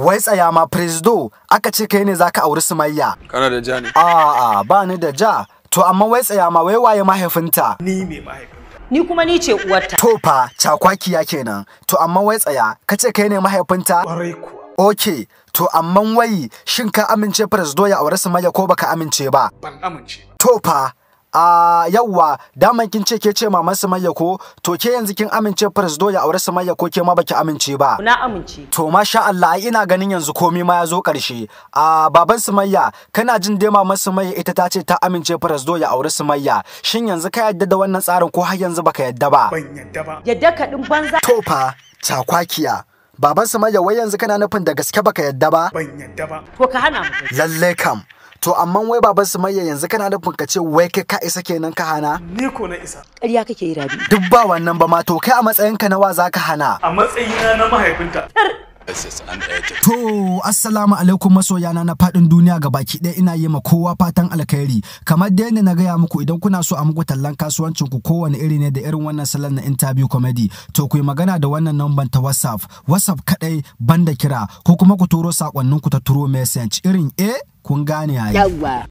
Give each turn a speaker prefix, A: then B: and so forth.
A: Wai tsaya ma Presdo aka ce kai ne zaka auri Sumayya.
B: Kana da ja ne?
A: A'a ba ni da ja. To amma wai tsaya ma wai waye mahaifinta? Ni me mahaifinta. Ni kuma ni ce uwarta. To fa cakwakiya kenan. To amma wai tsaya ka ce kai ne mahaifinta? Ƙwarai kuwa. Ok, to amma wai shin ka amince Presdo ya auri Sumayya ko baka amince ba? Ban amince. To fa a yawwa daman kin ce ke ce maman Sumayya ko to ke yanzu kin amince Do ya aure Sumayya ko ke ma baki amince ba
B: na amince
A: to masha Allah ai ina ganin yanzu komai ma ya zo karshe a baban Sumayya kana jin dai maman Sumayya ita ta ce ta amince Do ya aure Sumayya shin yanzu ka yadda da wannan tsarin ko har yanzu baka yadda ba ban yadda ba yadda ka din banza to fa takwakiya baban Sumayya wai yanzu kana nufin da gaske baka yadda ba ban
C: yadda ba to ka hana
A: mu lalle kam To amma wai su Sumayya yanzu kana da ka ce wai kai ka isa kenan ka hana? Ni ko na isa. Ƙarya kake yi Rabi. Duk ba wannan ba ma to kai a matsayinka na wa za ka hana? A matsayina na mahaifinta. To, assalamu alaikum masoyana na faɗin duniya ga baki ɗaya ina yi ma kowa fatan alkhairi. Kamar dai da na gaya muku idan kuna so a muku tallan kasuwancin ku kowane iri ne da irin wannan salon na interview comedy. To ku yi magana da wannan namban ta WhatsApp. WhatsApp kaɗai banda kira ko kuma ku turo sakonnin ta turo message irin eh kun gane yayi.